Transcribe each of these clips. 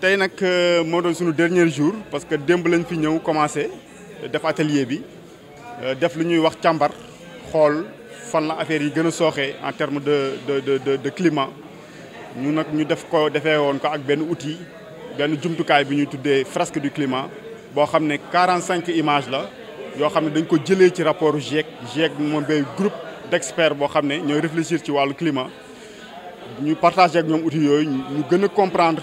Nous nak euh, dernier jour parce que demb lañ commencé def atelier bi euh, def lu ñuy wax la affaire yi en termes de de de de climat Nous avons ñu def ko Nous won ko ak outil du climat Nous xamné 45 images la yo xamné dañ ko rapport e e groupe d'experts réfléchir climat Nous partagé ak ñom comprendre.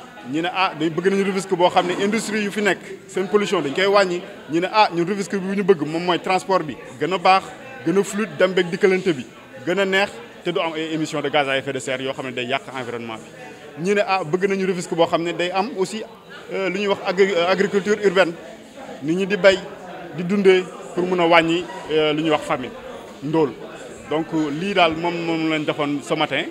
ñu ne ah dañ bëgg nañu Rufisque bo xamné industrie yu fi nek seen pollution dañ koy wañi ñu ne ah ñu Rufisque bi ñu bëgg mom moy transport bi gëna a baax gën a fluide dem beeg dikkalante bi gëna neex té du am ay émission de gaz à effet de serre yo xamné day yak environnement bi ñu ne ah bëgg nañu Rufisque bo xamné day am aussi euh, lu ñuy wax euh, agriculture urbaine nit ñi di bay di dundé pour mëna wañi wàññi euh, lu ñuy wax famine ndol donc li dal mom moom lañ defon ce matin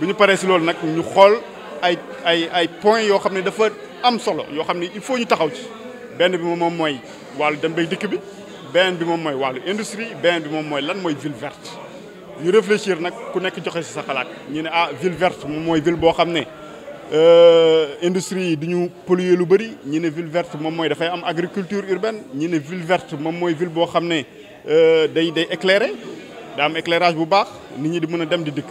buñu paré ci lool nak ñu xol ay ay ay points yoo xam ne dafa am solo yoo xam ne il faut ñu taxaw ci benn bi moom mooy wàllu dem bay dikk bi benn bi moom mooy wàllu industrie benn bi moom mooy lan mooy ville verte ñu réfléchir nag ku nekk joxe si sa xalaat ñu ne ah ville verte moom mooy ville boo xam ne euh, industrie yi du ñu polluer lu bëri ñi ne ville verte moom mooy dafay am agriculture urbaine ñi ne ville verte moom mooy ville boo xam ne euh, day day éclairé daa am éclairage bu baax nit ñi di mën a dem di dikk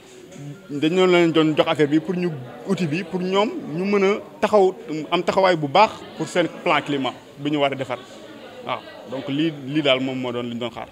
dañoo leen doon jox affaire bi pour ñu outil bi pour ñoom ñu mën a taxaw am taxawaay bu baax pour seen plan climat bu ñu war a defar waaw donc lii lii daal moom moo doon liñ doon xaar.